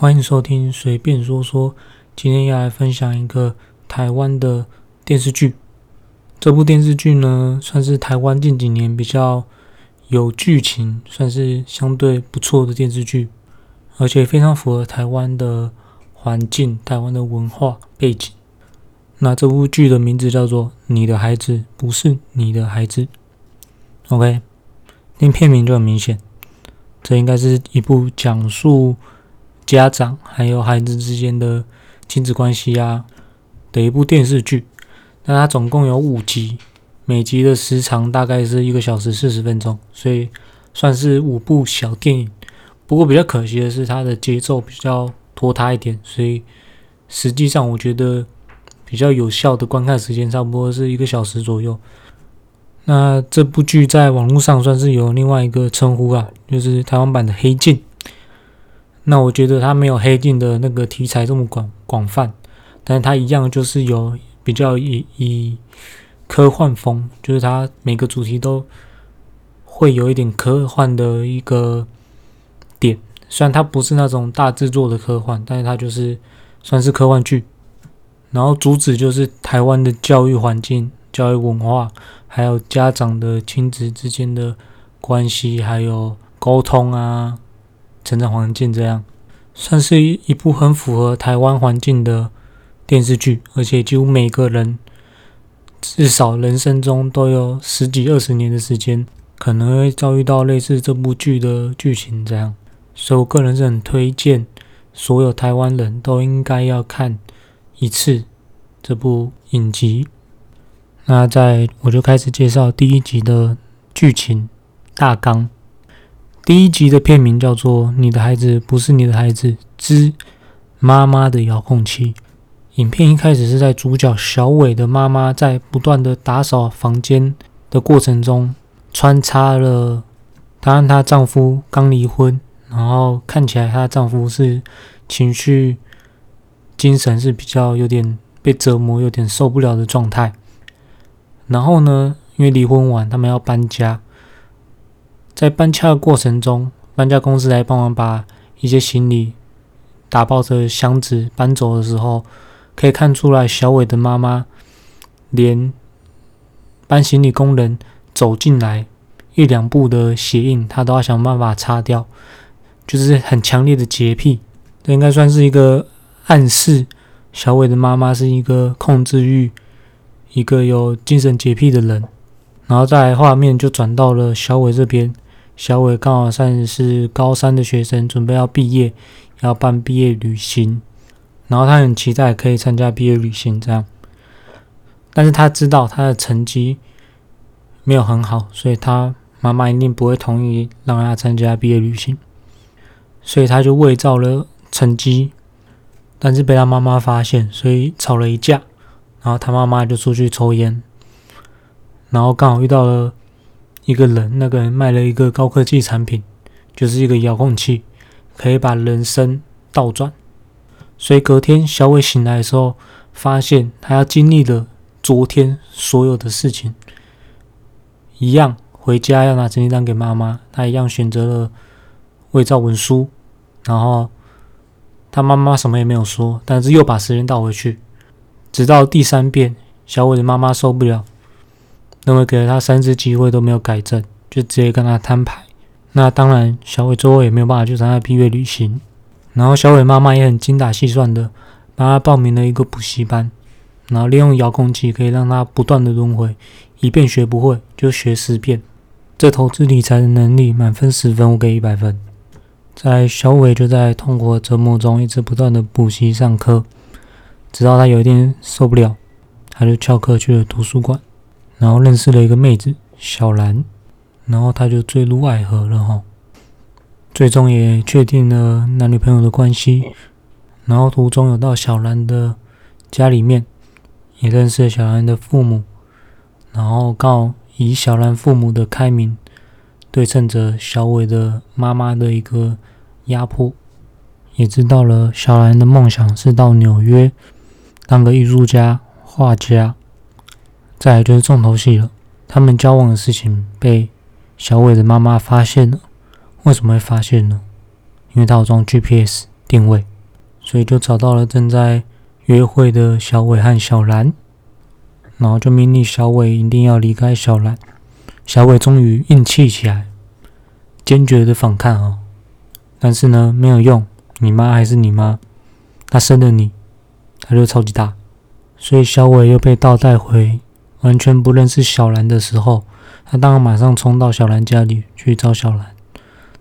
歡迎收聽《隨便說說》，今天要來分享一個台灣的電視劇。這部電視劇呢，算是台灣近幾年比較有劇情、算是相對不錯的電視劇，而且非常符合台灣的環境、台灣的文化背景。那這部劇的名字叫做《你的孩子不是你的孩子》。OK，聽片名就很明顯，這應該是一部講述家長還有孩子之間的親子關係啊的一部電視劇，那它總共有五集，每集的時長大概是一個小時四十分鐘，所以算是五部小電影。不過比較可惜的是，它的節奏比較拖沓一點，所以實際上我覺得比較有效的觀看時間差不多是一個小時左右。那這部劇在網絡上算是有另外一個稱呼啊，就是台灣版的《黑鏡》。那我覺得它沒有黑鏡的那個題材這麼廣廣泛，但是它一樣就是有比較以以科幻風，就是它每個主題都會有一點科幻的一個點。雖然它不是那種大製作的科幻，但是它就是算是科幻劇。然後主旨就是台灣的教育環境、教育文化，還有家長的親子之間的關係，還有溝通啊。成長環境這樣，算是一部很符合台灣環境的電視劇，而且幾乎每個人至少人生中都有十幾二十年的時間，可能會遭遇到類似這部劇的劇情這樣，所以我個人是很推薦所有台灣人都應該要看一次這部影集。那在我就開始介紹第一集的劇情大綱。第一集的片名叫做《你的孩子不是你的孩子之媽媽的遙控器》。影片一開始是在主角小偉的媽媽在不斷的打掃房間的過程中，穿插了她和她丈夫剛離婚，然後看起來她丈夫是情緒、精神是比較有點被折磨、有點受不了的狀態。然後呢，因為離婚完，他們要搬家。在搬家的過程中，搬家公司來幫忙把一些行李、打包着箱子搬走的時候，可以看出來小偉的媽媽連搬行李工人走進來一兩步的鞋印，他都要想辦法擦掉，就是很強烈的潔癖。這應該算是一個暗示：小偉的媽媽是一個控制欲、一個有精神潔癖的人。然後再畫面就轉到了小偉這邊。小偉剛好算是高三的學生，準備要畢業，要辦畢業旅行，然後他很期待可以參加畢業旅行這樣，但是他知道他的成績沒有很好，所以他媽媽一定不會同意讓他參加畢業旅行，所以他就偽造了成績，但是被他媽媽發現，所以吵了一架，然後他媽媽就出去抽煙，然後剛好遇到了。一個人，那個人賣了一個高科技產品，就是一個遙控器，可以把人生倒轉。所以隔天小偉醒來的時候，發現他要經歷的昨天所有的事情一樣，回家要拿成績單給媽媽，他一樣選擇了偽造文書，然後他媽媽什麼也沒有說，但是又把時間倒回去，直到第三遍，小偉的媽媽受不了。認為給了他三次機會都沒有改正，就直接跟他攤牌。那當然，小偉最後也沒有辦法去參加畢業旅行。然後小偉媽媽也很精打細算的，幫他報名了一個補習班，然後利用遙控器可以讓他不斷的輪迴，一遍學不會就學十遍。這投資理財的能力，滿分十分，我給一百分。在小偉就在痛苦和折磨中一直不斷的補習上課，直到他有一天受不了，他就翹課去了圖書館。然後認識了一個妹子小蘭，然後他就墜入愛河了哈，最終也確定了男女朋友的關係。然後途中有到小蘭的家裡面，也認識了小蘭的父母。然後告以小蘭父母的開明，對襯著小偉的媽媽的一個壓迫，也知道了小蘭的夢想是到紐約當個藝術家、畫家。再來就是重頭戲了，他們交往的事情被小偉的媽媽發現了。為什麼會發現呢？因為他有裝 GPS 定位，所以就找到了正在約會的小偉和小蘭，然後就命令小偉一定要離開小蘭。小偉終於硬氣起來，堅決的反抗哦，但是呢，沒有用，你媽還是你媽，她生了你，她就超級大，所以小偉又被倒帶回。完全不認識小蘭的時候，他當然馬上衝到小蘭家裡去找小蘭。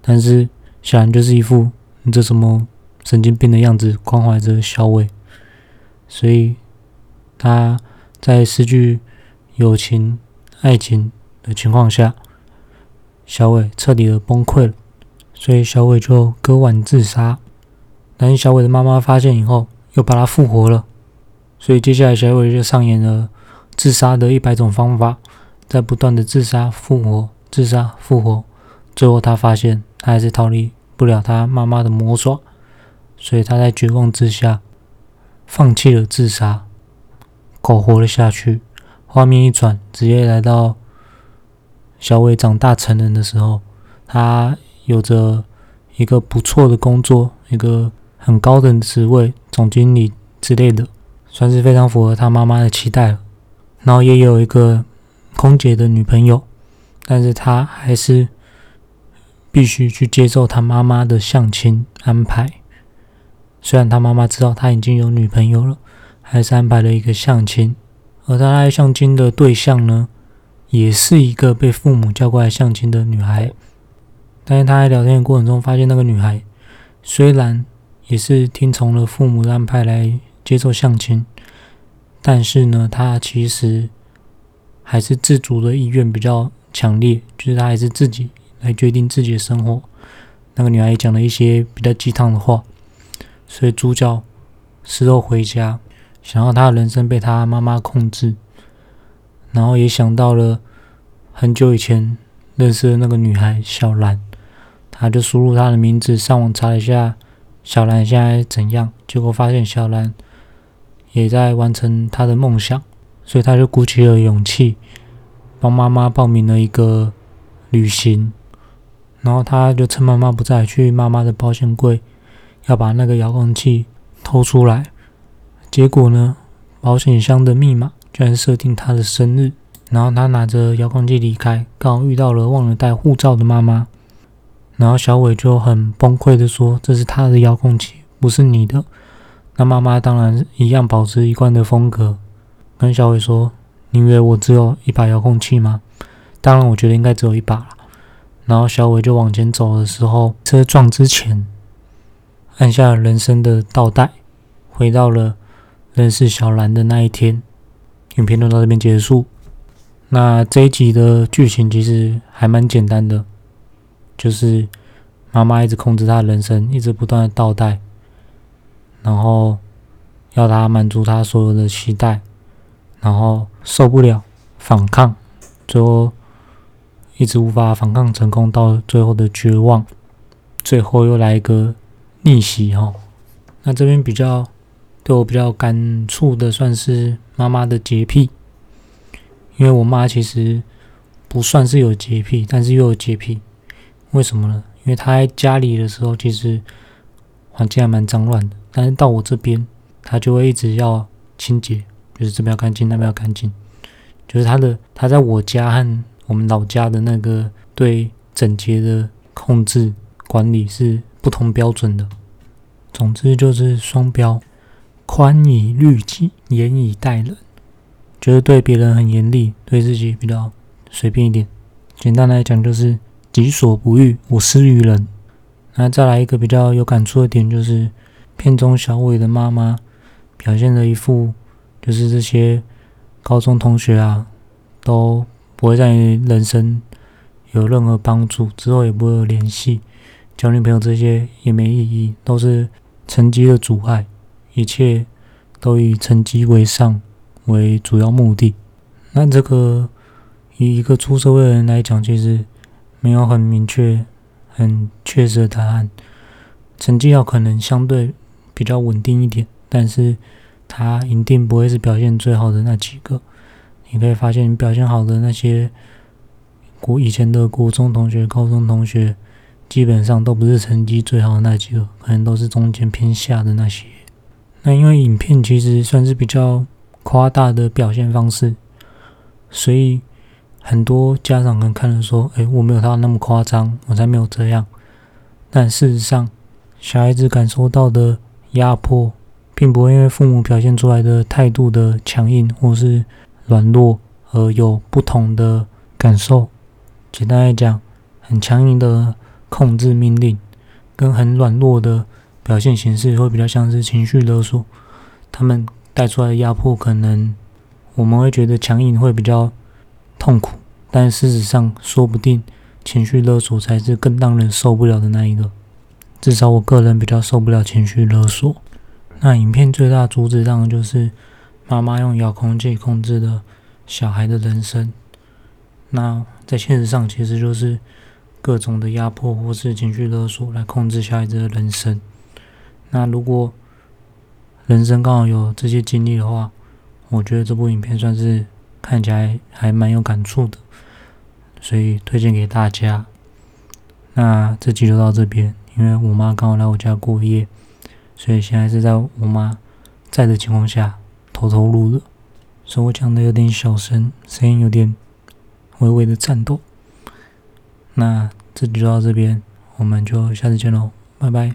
但是小蘭就是一副你這什麼神經病的樣子，關懷着小偉。所以他在失去友情、愛情的情況下，小偉徹底的崩潰了。所以小偉就割腕自殺。但是小偉的媽媽發現以後，又把他復活了。所以接下來小偉就上演了。自殺的一百種方法，在不斷的自殺、復活、自殺、復活，最後他發現他還是逃離不了他媽媽的魔爪，所以他在絕望之下放棄了自殺，苟活了下去。畫面一轉，直接來到小偉長大成人的時候，他有着一個不錯的工作，一個很高的職位，總經理之類的，算是非常符合他媽媽的期待了。然後也有一個空姐的女朋友，但是他還是必須去接受他媽媽的相親安排。雖然他媽媽知道他已經有女朋友了，還是安排了一個相親。而他來相親的對象呢，也是一個被父母叫過來相親的女孩。但是他在聊天的過程中發現，那個女孩雖然也是聽從了父母的安排來接受相親。但是呢，他其實還是自主的意願比較強烈，就是他還是自己來決定自己的生活。那個女孩也講了一些比較雞湯的話，所以主角事後回家，想到他的人生被他媽媽控制，然後也想到了很久以前認識的那個女孩小蘭，他就輸入她的名字上網查了一下小蘭現在怎樣，結果發現小蘭，也在完成他的夢想，所以他就鼓起了勇氣，幫媽媽報名了一個旅行，然後他就趁媽媽不在，去媽媽的保險櫃，要把那個遙控器偷出來。結果呢，保險箱的密碼居然設定他的生日，然後他拿着遙控器離開，剛好遇到了忘了帶護照的媽媽，然後小偉就很崩潰的說：“這是他的遙控器，不是你的。”那媽媽當然一樣保持一貫的風格，跟小偉說：“你以為我只有一把遙控器嗎？”當然，我覺得應該只有一把了。然後小偉就往前走的時候，車撞之前，按下人生的倒帶，回到了認識小蘭的那一天。影片就到這邊結束。那這一集的劇情其實還蠻簡單的，就是媽媽一直控制她的人生，一直不斷的倒帶。然後要他滿足他所有的期待，然後受不了反抗，最後一直無法反抗成功，到最後的絕望，最後又來一個逆襲哈、哦。那這邊比較對我比較感觸的，算是媽媽的潔癖，因為我媽其實不算是有潔癖，但是又有潔癖，為什麼呢？因為她在家裡的時候其實。竟然蠻髒亂的，但是到我這邊，他就會一直要清潔，就是這邊要乾淨，那邊要乾淨。就是他的，他在我家和我們老家的那個對整潔的控制管理是不同標準的。總之就是雙標，寬以律己，嚴以待人，就是對別人很嚴厲，對自己比較隨便一點。簡單來講就是己所不欲，勿施於人。那再來一個比較有感觸的點，就是片中小偉的媽媽表現的一副，就是這些高中同學啊都不會在人生有任何幫助，之後也不會有聯繫，交女朋友這些也沒意義，都是成績的阻礙，一切都以成績為上為主要目的。那這個以一個出社會的人來講，其實沒有很明確。很確實的答案，成績好可能相對比較穩定一點，但是他一定不會是表現最好的那幾個。你可以發現，表現好的那些國以前的國中同學、高中同學，基本上都不是成績最好的那幾個，可能都是中間偏下的那些。那因為影片其實算是比較誇大的表現方式，所以。很多家長可能看了說：“哎、欸，我沒有他那麼誇張，我才沒有這樣。”但事實上，小孩子感受到的壓迫，並不會因為父母表現出來的態度的強硬或是軟弱而有不同的感受。簡單來講，很強硬的控制命令，跟很軟弱的表現形式，會比較像是情緒勒索。他們帶出來的壓迫，可能我們會覺得強硬會比較痛苦。但事實上，說不定情緒勒索才是更讓人受不了的那一個。至少我個人比較受不了情緒勒索。那影片最大的主旨當然就是媽媽用遙控器控制的小孩的人生。那在現實上，其實就是各種的壓迫或是情緒勒索來控制小孩子的人生。那如果人生剛好有這些經歷的話，我覺得這部影片算是。看起來還蠻有感觸的，所以推薦給大家。那這集就到這邊，因為我媽剛好來我家過夜，所以現在是在我媽在的情況下偷偷錄的，所以我講的有點小聲，聲音有點微微的顫抖。那這集就到這邊，我們就下次見嘍，拜拜。